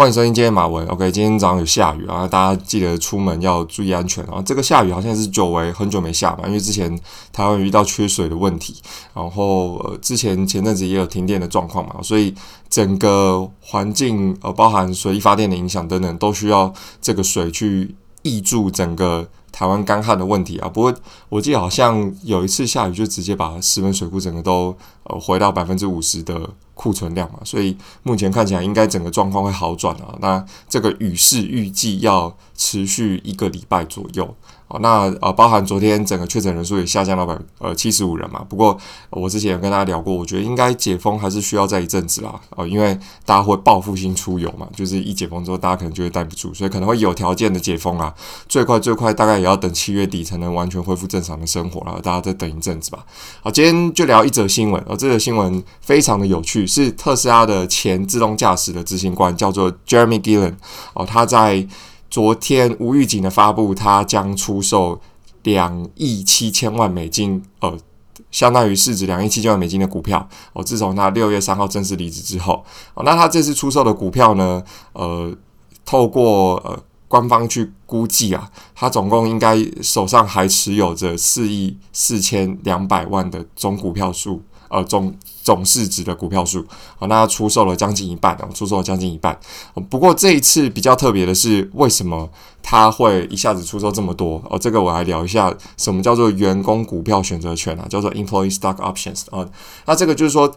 歡迎收聽《今天馬文》，OK，今天早上有下雨啊，大家記得出門要注意安全啊。這個下雨好像是久違，很久沒下嘛，因為之前台灣遇到缺水的問題，然後呃，之前前陣子也有停電的狀況嘛，所以整個環境呃，包含水力發電的影響等等，都需要這個水去挹注整個台灣乾旱的問題啊，不過我記得好像有一次下雨就直接把石門水庫整個都呃回到百分之五十的庫存量嘛，所以目前看起來應該整個狀況會好轉啊。那這個雨勢預計要持續一個禮拜左右。好那呃，包含昨天整個確診人數也下降到百呃七十五人嘛。不過、呃、我之前有跟大家聊過，我覺得應該解封還是需要再一陣子啦。哦、呃，因為大家會報復性出遊嘛，就是一解封之後，大家可能就會待不住，所以可能會有條件的解封啊。最快最快大概也要等七月底才能完全恢復正常的生活，然後大家再等一陣子吧。好，今天就聊一則新聞。哦、呃，這則新聞非常的有趣，是特斯拉的前自動駕駛的執行官叫做 Jeremy Gillen 哦、呃，他在。昨天無預警的發布，他將出售兩億七千萬美金，呃，相當於市值兩億七千萬美金的股票。哦，自從他六月三號正式離職之後，哦，那他這次出售的股票呢？呃，透過呃官方去估計啊，他總共應該手上還持有着四億四千兩百萬的總股票數。呃，總總市值的股票數啊，那他出售了將近一半、啊、出售了將近一半、啊。不過這一次比較特別的是，為什麼他會一下子出售這麼多？哦、啊，這個我來聊一下，什麼叫做員工股票選擇權啊？叫做 employee stock options 啊。那這個就是說，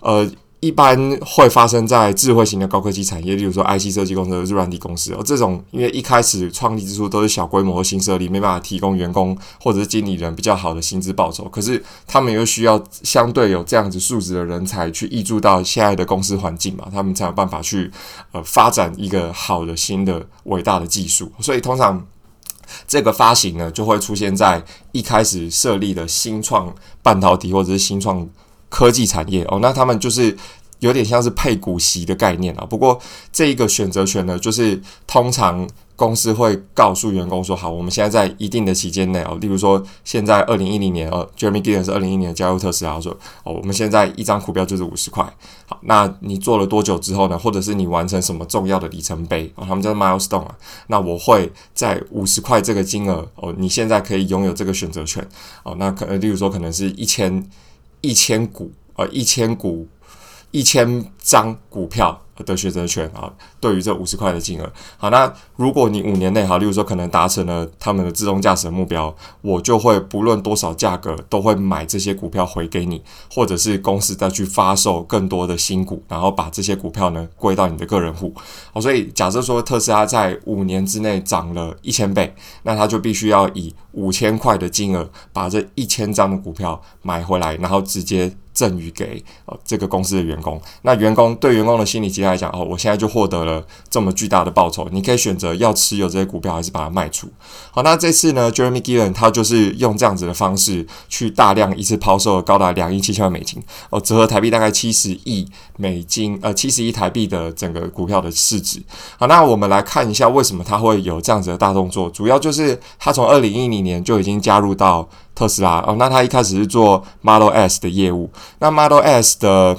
呃。一般會發生在智慧型的高科技產業，例如說 IC 設計公司、軟體公司。而這種因為一開始創立之初都是小規模的新設立，沒辦法提供員工或者是經理人比較好的薪資報酬。可是他們又需要相對有這樣子素質的人才去挹注到現在的公司環境嘛，他們才有辦法去呃發展一個好的新的偉大的技術。所以通常這個發行呢，就會出現在一開始設立的新創半導體或者是新創。科技產業哦，那他們就是有點像是配股息的概念啊、哦。不過這一個選擇權呢，就是通常公司會告訴員工說：“好，我們現在在一定的期間內哦，例如說現在二零一零年哦，Jerome Guillen 是二零一零年加入特斯拉，他說哦，我們現在一張股票就是五十塊。好，那你做了多久之後呢？或者是你完成什麼重要的里程碑哦，他們叫 milestone 啊。那我會在五十塊這個金額哦，你現在可以擁有這個選擇權哦。那可例如說可能是一千。一千股啊，一千股，一千。張股票的選擇權啊，對於這五十塊的金額，好，那如果你五年內哈，例如說可能達成了他們的自動駕駛的目標，我就會不論多少價格，都會買這些股票回給你，或者是公司再去發售更多的新股，然後把這些股票呢歸到你的個人戶。好，所以假設說特斯拉在五年之內漲了一千倍，那他就必須要以五千塊的金額把這一千張的股票買回來，然後直接贈予給呃這個公司的員工。那員對員工的心理期待來講，哦，我現在就獲得了這麼巨大的報酬，你可以選擇要持有這些股票，還是把它賣出。好，那這次呢，Jerome Guillen 他就是用這樣子的方式去大量一次拋售高達兩億七千萬美金，哦，折合台幣大概七十億美金，呃，七十億台幣的整個股票的市值。好，那我們來看一下為什麼他會有這樣子的大動作，主要就是他從二零一零年就已經加入到特斯拉。哦，那他一開始是做 Model S 的業務，那 Model S 的。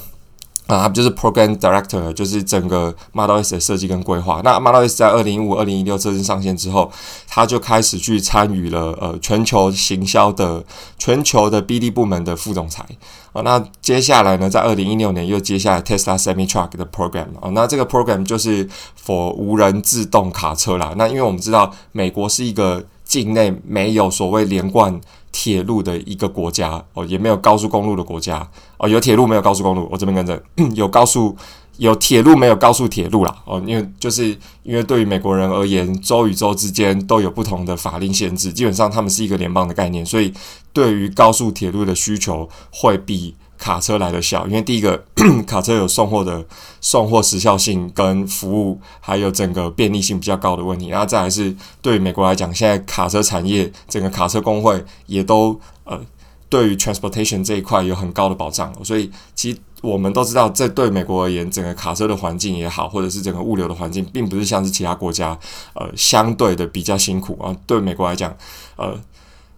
啊，他就是 Program Director，就是整個 Model S 的設計跟規劃。那 Model S 在二零一五、二零一六這次上線之後，他就開始去參與了呃全球行銷的，全球的 BD 部門的副總裁。啊，那接下來呢，在二零一六年又接下來 Tesla Semi Truck 的 Program，啊，那這個 Program 就是 for 無人自動卡車啦。那因為我們知道，美國是一個境內沒有所謂連貫。鐵路的一個國家哦，也沒有高速公路的國家哦，有鐵路沒有高速公路。我這邊跟着有高速有鐵路沒有高速鐵路啦哦，因為就是因為對於美國人而言，州與州之間都有不同的法令限制，基本上他們是一個聯邦的概念，所以對於高速鐵路的需求會比。卡車來的小，因為第一個，咳咳卡車有送貨的送貨時效性跟服務，還有整個便利性比較高的問題。然後再來是，對美國來講，現在卡車產業整個卡車工會也都呃，對於 transportation 這一塊有很高的保障。所以其實我們都知道，這對美國而言，整個卡車的環境也好，或者是整個物流的環境，並不是像是其他國家呃相對的比較辛苦啊、呃。對美國來講，呃。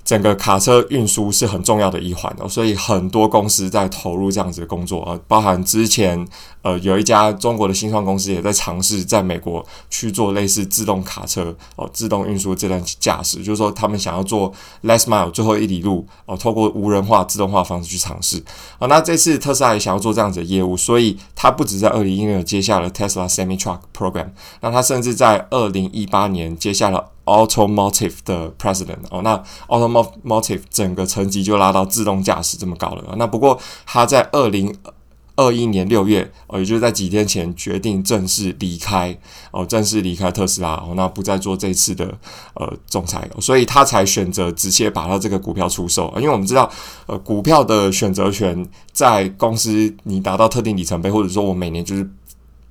整個卡車運輸是很重要的一環哦，所以很多公司在投入這樣子的工作啊、呃，包含之前呃有一家中國的新創公司也在嘗試在美國去做類似自動卡車哦、呃、自動運輸這段駕駛，就是說他們想要做 last mile 最後一里路哦、呃，透過無人化、自動化方式去嘗試啊、呃。那這次特斯拉也想要做這樣子的業務，所以他不止在二零一六年接下了 Tesla Semi Truck Program，那他甚至在二零一八年接下了。Automotive 的 president 哦，那 Automotive 整個層級就拉到自動駕駛這麼高了。那不過他在二零二一年六月，哦，也就是在幾天前決定正式離開，哦，正式離開特斯拉，哦，那不再做這次的呃仲裁，所以他才選擇直接把他這個股票出售。因為我們知道，呃，股票的選擇權在公司你達到特定里程碑，或者說我每年就是。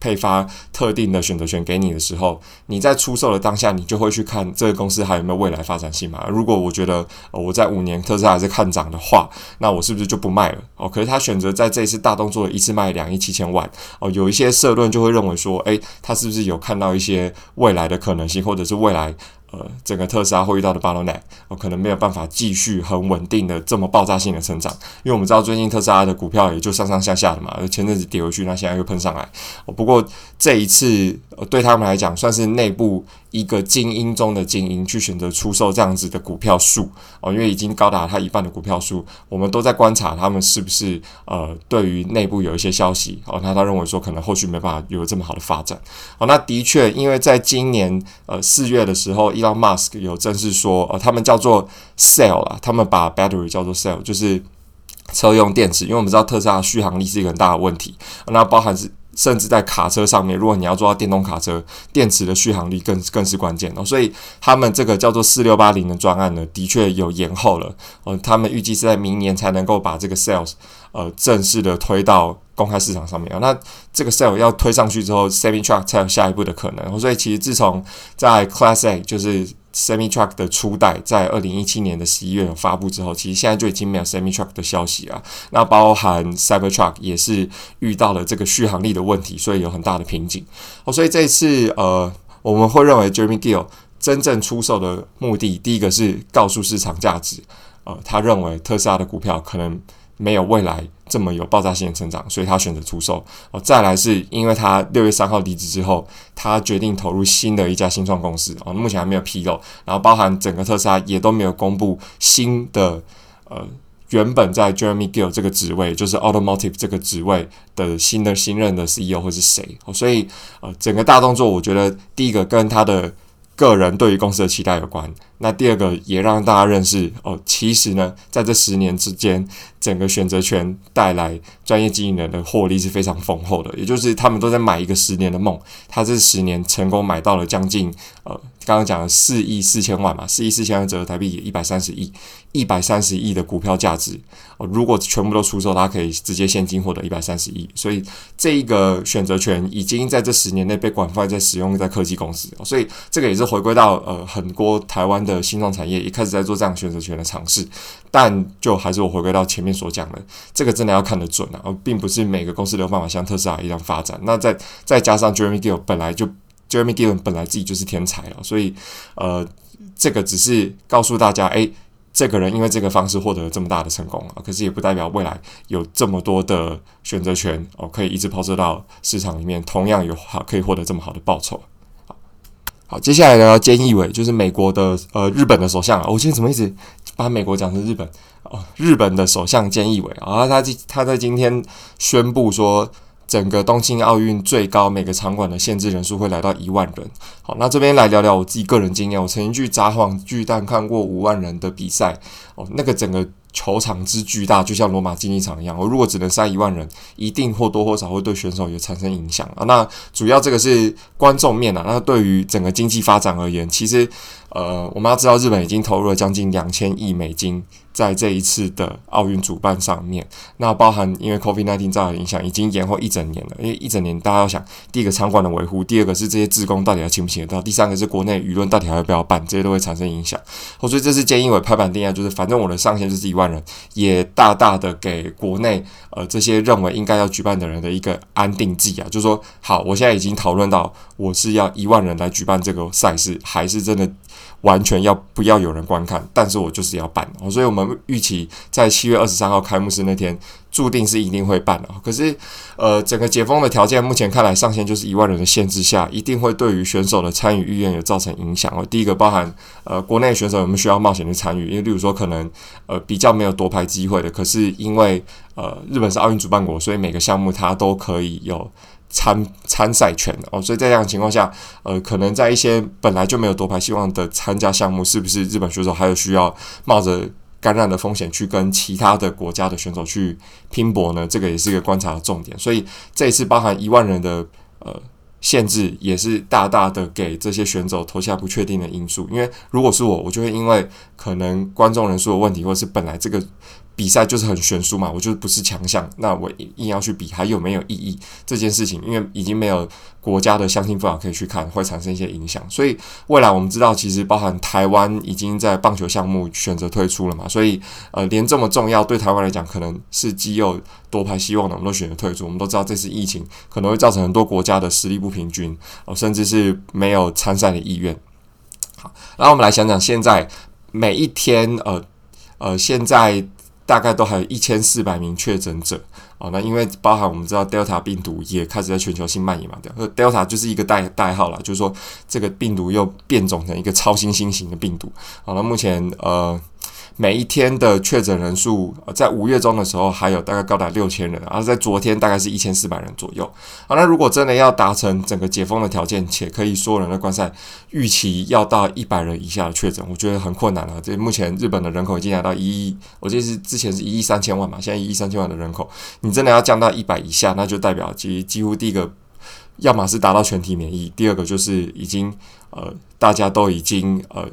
配發特定的選擇權給你的時候，你在出售的當下，你就會去看這個公司還有沒有未來發展性嘛？如果我覺得我在五年特斯拉是看漲的話，那我是不是就不賣了？哦，可是他選擇在這次大動作的一次賣兩億七千萬，哦，有一些社論就會認為說，誒、欸，他是不是有看到一些未來的可能性，或者是未來？呃，整個特斯拉會遇到的 bottleneck，我可能沒有辦法繼續很穩定的這麼爆炸性的成長，因為我們知道最近特斯拉的股票也就上上下下的嘛，前陣子跌回去，那現在又噴上來。呃、不過這一次、呃、對他們來講，算是內部。一個精英中的精英去選擇出售這樣子的股票數哦，因為已經高達了他一半的股票數，我們都在觀察他們是不是呃，對於內部有一些消息哦，那他認為說可能後續沒辦法有這麼好的發展哦。那的確，因為在今年呃四月的時候，Elon Musk 有正式說，呃，他們叫做 cell 啊，他們把 battery 叫做 cell，就是車用電池，因為我們知道特斯拉續航力是一個很大的問題，呃，那包含是。甚至在卡車上面，如果你要做到電動卡車，電池的續航力更更是關鍵哦。所以他們這個叫做四六八零的專案呢，的確有延後了。嗯、呃，他們預計是在明年才能夠把這個 sales 呃正式的推到公開市場上面啊。那這個 sales 要推上去之後 semi truck 才有下一步的可能。所以其實自從在 Class A 就是。Semi Truck 的初代在二零一七年的十一月發布之後，其實現在就已經沒有 Semi Truck 的消息啊。那包含 Cyber Truck 也是遇到了這個續航力的問題，所以有很大的瓶頸。哦，所以這次呃，我們會認為 Jeremy Gill 真正出售的目的，第一個是告訴市場價值呃，他認為特斯拉的股票可能沒有未來這麼有爆炸性的成長，所以他選擇出售。哦，再來是因為他六月三號離職之後，他決定投入新的一家新創公司。哦，目前還沒有披露。然後，包含整個特斯拉也都沒有公布新的，呃，原本在 Jeremy Gill 這個職位，就是 Automotive 這個職位的新的新任的 CEO 或是誰。哦，所以，呃，整個大動作，我覺得第一個跟他的。個人對於公司的期待有關。那第二個也讓大家認識哦，其實呢，在這十年之間，整個選擇權帶來專業經營人的獲利是非常豐厚的。也就是他們都在買一個十年的夢，他這十年成功買到了將近，呃。剛剛講了四億四千萬嘛，四億四千萬折合台幣一百三十億，一百三十億的股票價值，哦，如果全部都出售，它可以直接現金獲得一百三十億。所以這一個選擇權已經在這十年內被廣泛在使用在科技公司，所以這個也是回歸到呃很多台灣的新創產業一開始在做這樣選擇權的嘗試，但就還是我回歸到前面所講的，這個真的要看得準啊，並不是每個公司都有辦法像特斯拉一樣發展。那再再加上 Jeremy Deal 本來就。Jeremy Dillon 本來自己就是天才了，所以呃，這個只是告訴大家，誒，這個人因為這個方式獲得了這麼大的成功啊。可是也不代表未來有這麼多的選擇權哦、呃，可以一直拋售到市場裡面，同樣有好可以獲得這麼好的報酬好。好，接下來呢，菅義偉，就是美國的呃日本的首相、哦、我今天怎麼一直把美國講成日本哦，日本的首相菅義偉啊、哦，他他他在今天宣布說。整個東京奧運最高每個場館的限制人數會來到一萬人。好，那這邊來聊聊我自己個人經驗。我曾經去札幌巨蛋看過五萬人的比賽，哦，那個整個球場之巨大，就像羅馬競技場一樣。我如果只能塞一萬人，一定或多或少會對選手也產生影響啊。那主要這個是觀眾面吶啊。那對於整個經濟發展而言，其實呃，我們要知道日本已經投入了將近兩千億美金。在這一次的奧運主辦上面，那包含因為 COVID nineteen 造成影響，已經延後一整年了。因為一整年，大家要想第一個場館的維護，第二個是這些志工到底要請不請得到，第三個是國內輿論到底還要不要辦，這些都會產生影響。所以這次建議我拍板定案，就是反正我的上限就是一萬人，也大大的給國內呃這些認為應該要舉辦的人的一個安定劑啊，就是說好，我現在已經討論到。我是要一萬人來舉辦這個賽事，還是真的完全要不要有人觀看？但是我就是要辦，哦，所以我們預期在七月二十三號開幕式那天，注定是一定會辦的，哦。可是，呃，整個解封的條件目前看來，上限就是一萬人的限制下，一定會對於選手的參與意願有造成影響哦。第一個，包含呃國內選手有沒有需要冒險去參與？因為例如說，可能呃比較沒有奪牌機會的，可是因為呃日本是奧運主辦國，所以每個項目它都可以有。參參賽權的哦，所以在這樣的情況下，呃，可能在一些本來就沒有奪牌希望的參加項目，是不是日本選手還有需要冒着感染的風險去跟其他的國家的選手去拼搏呢？這個也是一個觀察的重點。所以這一次包含一萬人的呃限制，也是大大的給這些選手投下不確定的因素。因為如果是我，我就會因為可能觀眾人數的問題，或是本來這個。比賽就是很懸殊嘛，我就不是強項，那我硬要去比還有沒有意義這件事情，因為已經沒有國家的鄉親父母可以去看，會產生一些影響。所以未來我們知道，其實包含台灣已經在棒球項目選擇退出了嘛，所以呃，連這麼重要對台灣來講，可能是極有奪牌，希望能夠選擇退出。我們都知道，這次疫情可能會造成很多國家的實力不平均哦、呃，甚至是沒有參賽的意願。好，那我們來想想現在每一天，呃呃，現在。大概都還有一千四百名確診者，啊，那因為包含我們知道 Delta 病毒也開始在全球性蔓延嘛，對，Delta 就是一個代代號了，就是說這個病毒又變種成一個超新星型的病毒，好了，那目前，呃。每一天的確診人數，呃，在五月中的時候還有大概高達六千人，而、啊、在昨天大概是一千四百人左右。好、啊，那如果真的要達成整個解封的條件，且可以說人的觀賽預期要到一百人以下的確診，我覺得很困難了、啊。這目前日本的人口已經達到一億，我記得是之前是一億三千萬嘛，現在一億三千萬的人口，你真的要降到一百以下，那就代表幾幾乎第一個，要麼是達到全體免疫，第二個就是已經呃大家都已經呃。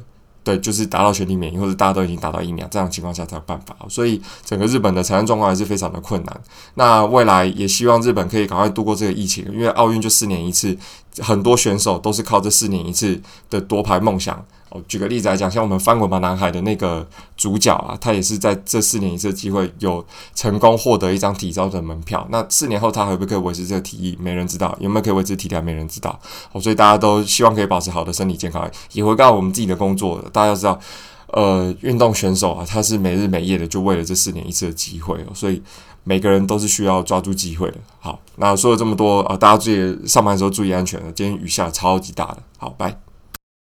對，就是達到全體免疫，或者大家都已經打到疫苗，這樣情況下才有辦法。所以整個日本的財政狀況還是非常的困難。那未來也希望日本可以趕快度過這個疫情，因為奧運就四年一次。很多選手都是靠這四年一次的奪牌夢想哦。舉個例子來講，像我們《翻滾吧，男孩》的那個主角啊，他也是在這四年一次機會有成功獲得一張體操的門票。那四年後他可不可以維持這個體藝，沒人知道，有沒有可以維持體態，沒人知道。哦，所以大家都希望可以保持好的身體健康，也回到我們自己的工作。大家要知道。呃，運動選手啊，他是每日每夜的就為了這四年一次的機會哦，所以每個人都是需要抓住機會的。好，那說了這麼多啊，呃，大家自己上班的時候注意安全啊！今天雨下超級大的，好，拜。